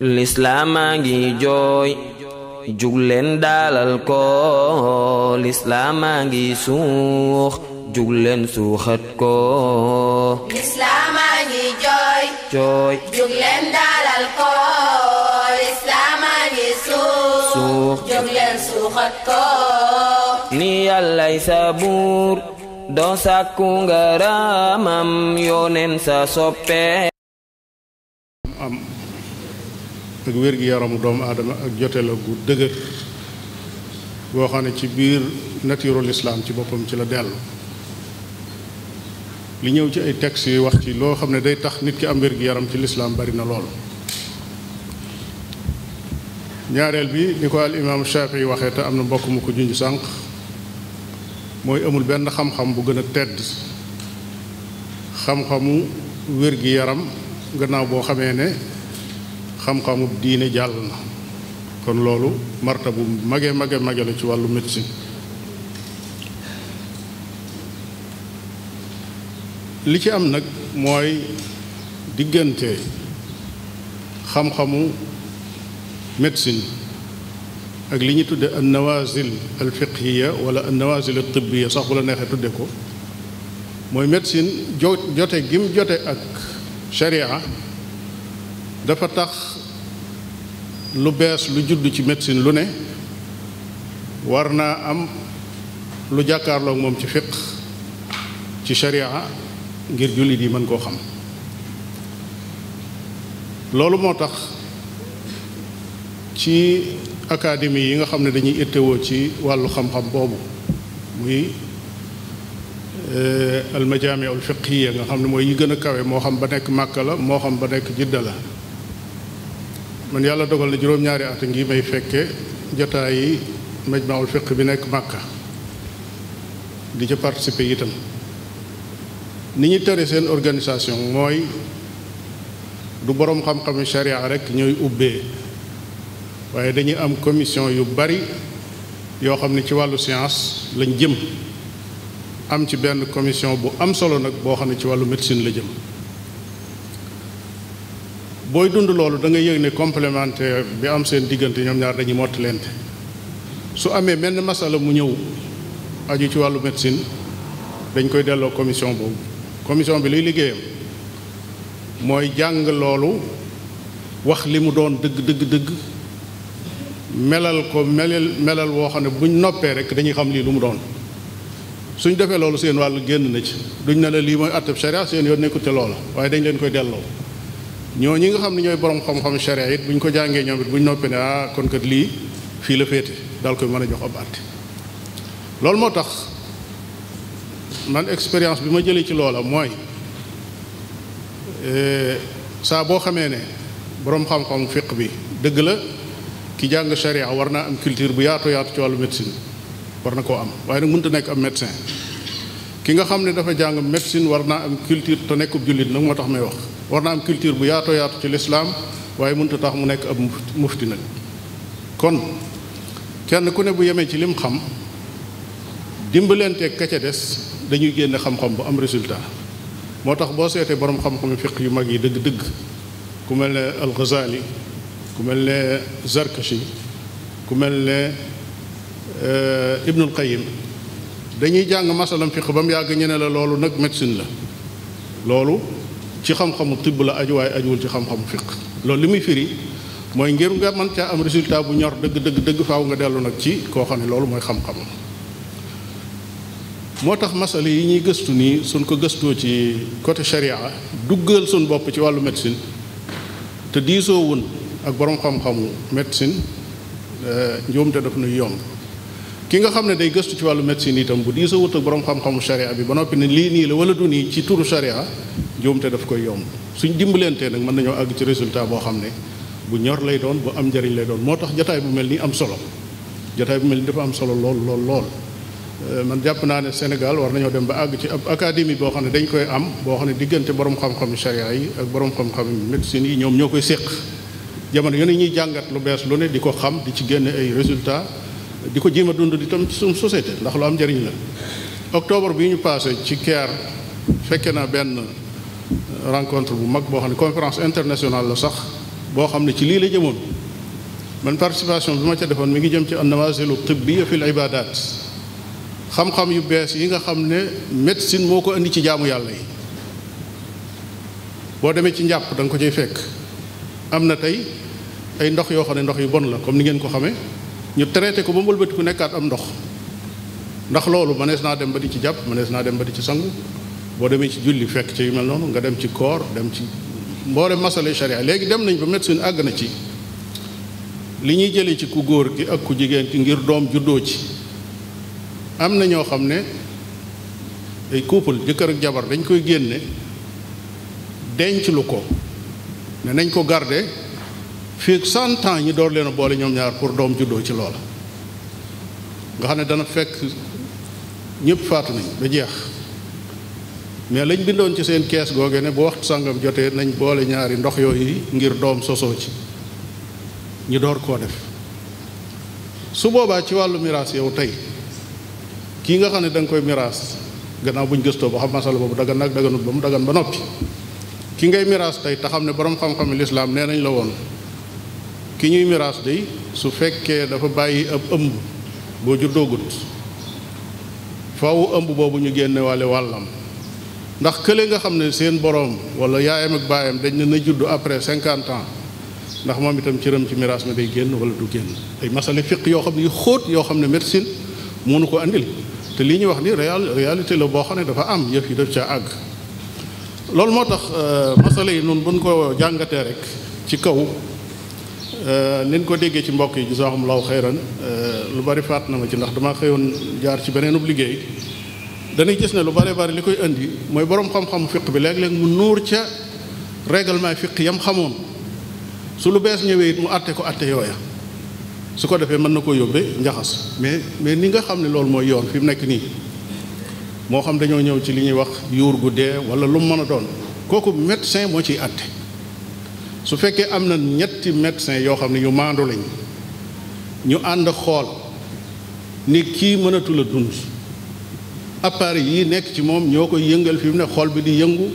lislaamaa ngi jooy jugleen daalal ko lislaamaa ngi suux jugleen suuxat ko lislaamaa ngi ni yàllay sabuur doo sàkku ngaramam yooneen sa soppe ak wér-gi-yaramu doomu aadama ak jote la gu dëgër boo xam ne ci biir natiirul islaam ci boppam ci la dell li ñëw ci ay textes yi wax ci loo xam ne day tax nit ki am wér-gi-yaram ci lislaam bari na lool ñaareel bi ni ko al imaam Shaafi'i waxee te am na mbokk ko junj sànq mooy amul benn xam-xam bu gën a tedd xam-xamu wér-gi-yaram gannaaw boo xamee ne xam-xamu diine jàll na kon loolu marta bu mage mage mage la ci wàllu médecine li ci am nag mooy diggante xam-xamu médecine ak li ñu tudde an nawazil al fiqhiya wala an nawazil al tibbiya sax bu la neexee tudde ko mooy médecine jo jote gim jote ak sharia dafa tax lu bees lu judd ci médecine lu ne war naa am lu jàkkaarloog moom ci fiq ci sharia ngir jullit yi mën koo xam loolu moo tax ci académie yi nga xam ne dañuy ittewoo ci wàllu xam-xam boobu muy euh, almajaami al fiqhiya nga xam ne mooy yi gën a kawe moo xam ba nekk Màkka la moo xam ba nekk Jidda la man yàlla dogal na juróom-ñaari at ngi may fekke jotaay yi majmaul fiq bi nekk Màkka di ca participer itam ni ñu tere seen organisation mooy du boroom xam-xamu sharia rek ñooy ubbee waaye dañuy am commission yu bari yoo xam ne ci wàllu science lañ jëm am ci benn commission bu am solo nag boo xam ne ci wàllu médecine la jëm booy dund loolu da ngay yëg ne complémentaire bi am seen diggante ñoom ñaar dañuy mottalente su amee benn masala mu ñëw aju ci wàllu médecine dañ koy delloo commission boobu commission bi luy liggéeyam mooy jàng loolu wax li mu doon dëgg dëgg dëgg melal ko melal melal woo xam ne buñ noppee rek dañuy xam lii lu mu doon suñ defee loolu seen wàllu génn na ci duñ ne la lii mooy atteb charia seen yoon nekkute loola waaye dañ leen koy delloo ñoo ñi nga xam ne ñooy borom xam-xam sharia it bu ñu ko jàngee ñoom it bu ñu noppee ne ah kon kat lii fii la féete daal koy mën a jox ab àtte loolu moo tax man expérience bi ma jëlee ci loola mooy eh, saa boo xamee ne borom xam-xam fiq bi dëgg la ki jàng sharia war naa am culture bu yaatu yaatu ci wàllu médecine war na koo am waaye nag mënut te nekk am médecin ki nga xam ne dafa jàng médecine war naa am culture te nekkub jullit nag moo tax may wax war na am culture bu yaato yaatu ci lislaam waaye mënut a tax mu nekk ab mufti nag kon kenn ku ne bu yemee ci lim xam dimbalanteeg ka ca des dañuy génne xam-xam bu am résultat moo tax boo seetee borom xam-xamu fiq yu mag yi dëgg-dëgg ku mel ne al ku mel ne Zarkashi ku mel ne euh, Ibnul Qayyim dañuy jàng masalam fiq ba mu yàgg ñu ne la loolu nag médecine la loolu ci xam-xamu tibb la aju waaye ajuwul ci xam-xamu fiq loolu li muy firi mooy ngir nga mën caa am résultat bu ñor dëgg dëgg dëgg faaw nga dellu nag ci koo xam ne loolu mooy xam-xamam moo tax masala yi ñuy gëstu nii suñ ko gëstoo ci côté sharia duggal suñ bopp ci wàllu médecine te diisoo wun ak borom xam-xamu médecine euh, te daf nuy yomb ki nga xam ne day gëstu ci wàllu médecine itam bu diisoo wut ak borom xam-xamu sharia bi ba noppi ne lii nii la wala du nii ci turu sharia njuumte daf koy yomb suñ dimbalantee nag mën nañoo àgg ci résultat boo xam ne bu ñor lay doon bu am njariñ lay doon moo tax jataay bu mel nii am solo jataay bu mel nii dafa am solo lool lool lool. Euh, man jàpp naa ne Sénégal war nañoo dem ba àgg ci ab académie boo xam ne dañ koy am boo xam ne diggante borom xam-xamu charia yi ak borom xam-xamu médecine yi ñoom ñoo koy séq jamono yone ñuy jàngat lu bees lu ne di ko xam di ci génne ay résultat di ko jéem a dund di tam ci suñu ndax lu am njariñ la. octobre bi ñu passé ci Caire fekke naa benn. rencontre bu mag boo xam ne conférence internationale la sax boo xam ne ci lii lay jëmoon man participation bi ma ca defoon mi ngi jëm ci annawasilu bi fil ibadat xam-xam yu bees yi nga xam ne médecine moo ko indi ci jaamu yàlla yi boo demee ci njàpp da ko cay fekk am na tey ay ndox yoo xam ne ndox yu bon la comme ni ngeen ko xamee ñu traité ko ba mu wëlbati ku nekkaat am ndox ndax loolu mënees naa dem ba di ci jàpp mënees naa dem ba di ci sangu boo demee ci julli fekk ci yu mel noonu nga dem ci koor dem ci mboolem masale sharia léegi dem nañ ba médecine àgg na ci li ñuy jëlee ci ku góor gi ak ku jigéen ki ngir doom juddoo ci am na ñoo xam ne ay couple jëkkër ak jabar dañ koy génne denc ko ne nañ ko garde fii cent ans ñi door leen a boole ñoom ñaar pour doom juddoo ci loola nga xam ne dana fekk ñëpp faatu nañ ba jeex mais lañ bindoon ci seen kees googe ne bu wax sàngam jotee nañ boole ñaari ndox yooyu ngir doom sosoo ci ñu door koo def su boobaa ci wàllu miraas yow tey kii nga xam ne da koy miraas gannaaw buñ gëstoo ba xam masala boobu dagan nag daganut ba mu dagan ba noppi ki ngay miraas tey te xam ne borom xam-xami lislaam nee nañ la woon ki ñuy miraas day su fekkee dafa bàyyi ab ëmb boo juddoogut fawu ëmb boobu ñu génnewale wàlle wàllam ndax kële nga xam ne seen boroom wala yaayam ak baayam dañ ne na juddu après cinquante ans ndax moom itam cëram ci miraas ma day génn wala du génn ay masale fiq yoo xam ne yu xóot yoo xam ne médecine nu ko indil te lii ñuy wax ni réalité la boo xam ne dafa am yëf yi def caa àgg loolu moo tax euh, masale yi noonu buñ ko jàngatee rek ci kaw euh, nin ko déggee ci mbokk yi jazaahumullaahu xayran euh, lu bari faat na ma ci ndax dama xëyoon jaar ci beneenub liggéey dañuy gis na lu bare bari li koy indi mooy boroom xam-xamu fiq bi léeg-léeg mu nuur ca règlement fiq yam xamoon su lu bees ñëwee it mu àtte ko àtte yooya su ko defee mën na koo yóbbee njaxas mais mais ni nga xam ne loolu mooy yoon fi mu nekk nii moo xam dañoo ñëw ci li ñuy wax yuur gu dee wala lu mu mën a doon kooku médecin moo ciy àtte su fekkee am na ñetti médecin yoo xam ne yu maandu lañ ñu ànd xool ni kii mënatul dund appareil yi nekk ci moom ñoo koy yëngal fii mu ne xol bi di yëngu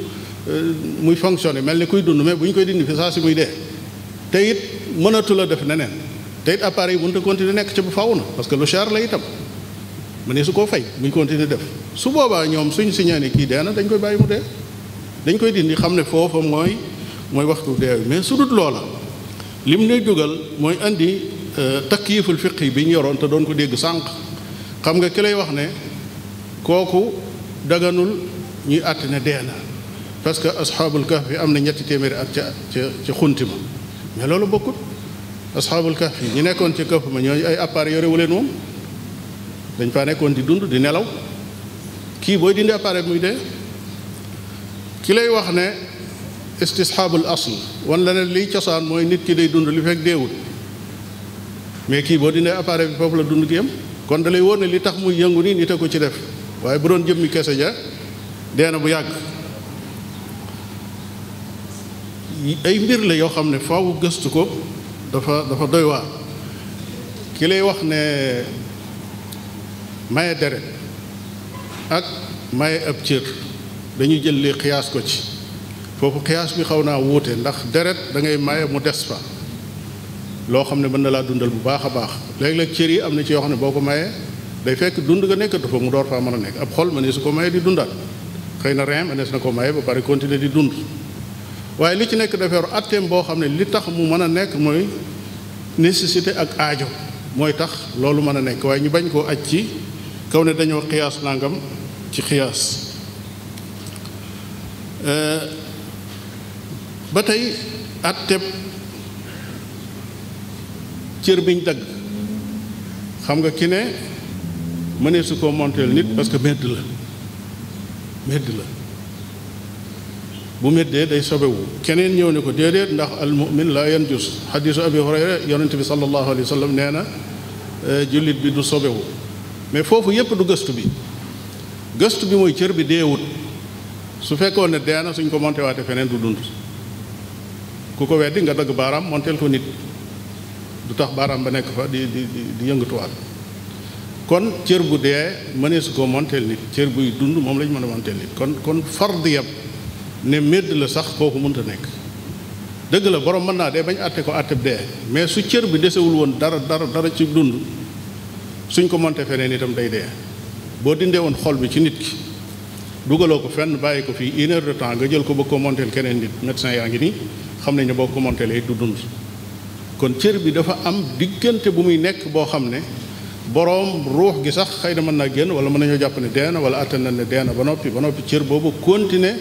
euh, muy fonctionner mel ni kuy dund mais bu ñu koy dindi fi saa si muy dee te it mënatu la def neneen te it appareil yi mënut a continuer nekk ca bu faaw na parce que lu cher la itam mu ne su koo fay muy continuer def su boobaa ñoom suñ signé ne kii dee na dañ koy bàyyi mu dee dañ koy dindi xam ne foofa mooy mooy waxtu dee mais su dut loola mu nuy dugal mooy indi andi euh, takyiful fiqi bi ñu yoroon te doon ko dégg sànq xam nga ki lay wax ne. kooku daganul ñuy àtt ne dee na parce que asxaabul kahf yi am na ñetti téeméeri ak ca ca xunti ma mais loolu bokkut asxaabul kahf yi ñu nekkoon ca kahf ma ñooñu ay appareil yorewu leen moom dañ faa nekkoon di dund di nelaw kii booy dindi appareil muy dee ki lay wax ne istisxaabul asl wan la ne cosaan mooy nit ki day dund li fekk mais kii boo dindee appareil bi foofu la dund ki kon da lay wóor ne li tax muy yëngu nii nit a ko ci def waaye bu doon jëmmi kese ja dee na bu yàgg ay mbir la yoo xam ne faaw gëstu ko dafa dafa doy waa ki lay wax ne maye deret ak maye ab cër dañu jël li xiyaas ko ci foofu xiyaas bi xaw naa wuute ndax deret da ngay maye mu des fa loo xam ne mën na laa dundal bu baax a baax léeg-léeg cër yi am na ci yoo xam ne boo ko mayee day fekk dund nga nekkatu fa mu door faa mën a nekk ab xol ma ne su ko maye di dundaat xëy na rein mënees na ko maye ba pare continuer di dund waaye li ci nekk dafa yor boo xam ne li tax mu mën a nekk mooy nécessité ak aajo mooy tax loolu mën a nekk waaye ñu bañ koo aj ci kaw ne dañoo xiyaas nangam ci xiyaas ba tey atteb cër biñ dagg xam nga ki ne mënee su ko monteel nit parce que medd la medd la bu meddee day sobewu keneen ñëw ne ko déedéet ndax al mumin la yanjus xadisu abi hurayra yonent bi sallallahu alayhi wa sallam nee na eh, jullit bi du sobewu mais foofu yépp du gëstu bi gëstu bi mooy cër bi deewut su fekkoon ne dee suñ ko monté waate feneen du dund ku ko weddi nga dagg baaraam monteel ko nit du tax baaraam ba nekk fa di di di yëngatuwaat kon cër bu dee mënee su koo monteel nit cër buy dund moom lañu mën a monteel nit kon kon fard yab ne médd la sax kooku mënta nekk dëgg la borom mën naa dee bañ àtte ko àtte dee mais su cër bi desewul woon dara dara dara ci dund suñ ko monte feneen itam day dee boo dindee woon xol bi ci nit ki dugaloo ko fenn bàyyi ko fii une heure nga jël ko bëgg monteel keneen nit médecin yaa ngi nii xam nañ ne boo ko montelee du dund kon cër bi dafa am diggante bu muy nekk boo xam ne boroom ruux gi sax xëy na mën naa génn wala mën nañoo jàpp ne dee na wala attan na ne dee ba noppi ba noppi cër boobu continuer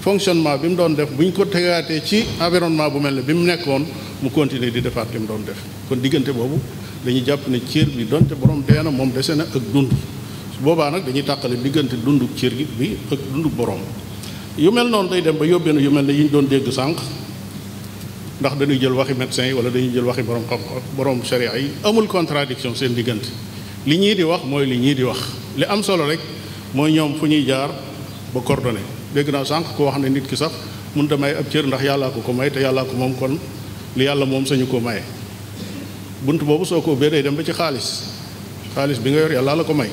fonctionnement bi mu doon def bu ko tegaatee ci environnement bu mel ne bi mu nekkoon mu continuer di defaat li mu doon def kon diggante boobu dañuy jàpp ne cër bi donte boroom dee na moom dese na ak dund su boobaa nag dañuy takkale diggante dundu cër gi bi ak dundu boroom yu mel noonu day dem ba yóbbee na yu mel ne yi ñu doon dégg sànq ndax dañuy jël waxi médecin yi wala dañuy jël waxi borom xam borom sharia yi amul contradiction seen diggante li ñii di wax mooy li ñii di wax li am solo rek mooy ñoom fu ñuy jaar ba coordonné dégg naa sànq ko wax ne nit ki sax mun a may ab cër ndax yàllaa ko ko may te yàllaa ko moom kon li yàlla moom sañu ko maye bunt boobu soo ko ubbee dem ba ci xaalis xaalis bi nga yor yàlla la ko may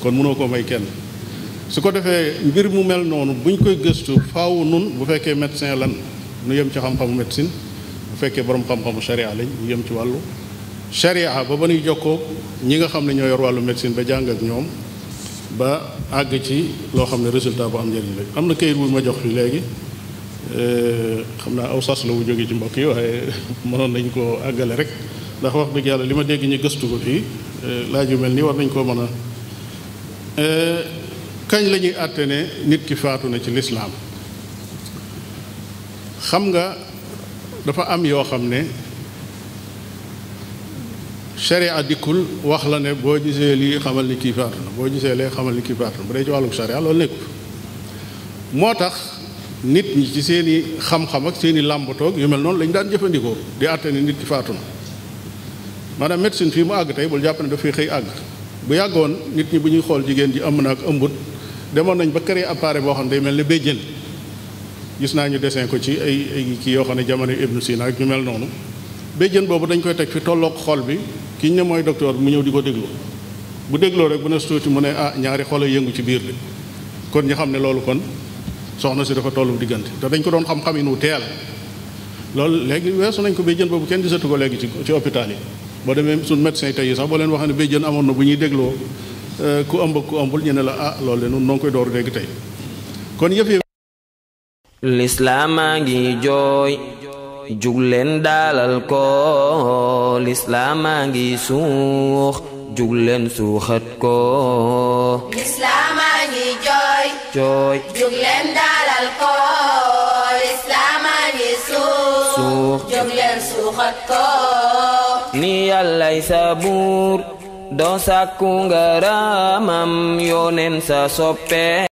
kon mënoo koo may kenn su ko defee mbir mu mel noonu buñ koy gëstu faaw nun bu fekkee médecin lan nu yem ci xam-xamu médecine fekkee boroom xam-xamu sharia lañ yem ci wàllu sharia ba ba nuy jokkoo ñi nga xam ne ñoo yor wàllu médecine ba jàng ñoom ba àgg ci loo xam ne résultat bu am njëriñ la am na kayit bu ma jox fi léegi euh, xam naa aw sas wu jógee ci mbokk yi waaye mënoon nañ koo àggale rek ndax wax dëgg yàlla li ma dégg ñu gëstu ko fii euh, laaj yu mel nii war nañ koo mën a euh, kañ la ñuy àtte ne nit ki faatu na ci lislaam xam nga dafa am yoo xam ne sharia dikkul wax la ne boo jisee lii xamal ni kii faatu na boo gisee lee xamal ni kii faatu na bu dee ci wàllum sharia loolu nekkul moo tax nit ñi ci seen i xam-xam ak seen i làmbatoog yu mel noonu lañu daan jëfandikoo di àtte ne nit ki faatu na maanaam médecine fii mu àgg tey bul jàpp ne dafay xëy àgg bu yàggoon nit ñi bu ñuy xool jigéen ji ëmb na ak ëmbut demoon nañ ba créer appareil boo xam ne day mel ne béjjén gis naa ñu dessin ko ci ay ay kii yoo xam ne jamono Ibn Sina ak ñu mel noonu béjjën boobu dañ koy teg fi tolloog xol bi kiñ ne mooy bi mu ñëw di ko déglu bu dégloo rek bu ne tuuti mu ne ah ñaari xol yëngu ci biir bi kon ñu xam ne loolu kon soxna si dafa tollu diggante te dañ ko doon xam-xam yi nu teel loolu léegi weesu nañ ko jën boobu kenn gisatu ko léegi ci ci hôpital yi boo demee suñ médecin tey yi sax boo leen wax ne béjjën amoon na bu ñuy dégloo eh, ku ëmb ku ëmbul ñu ne la ah loolu de nun noo ngi koy dooru léegi tey kon yëf lislaamaa ngi jooy jugleen daalal ko lislaamaa ngi suux jugleen suuxat ko lislaamaa ngi jooy ni yàllay sabuur doo sàkku ngaramam yooneen sa soppe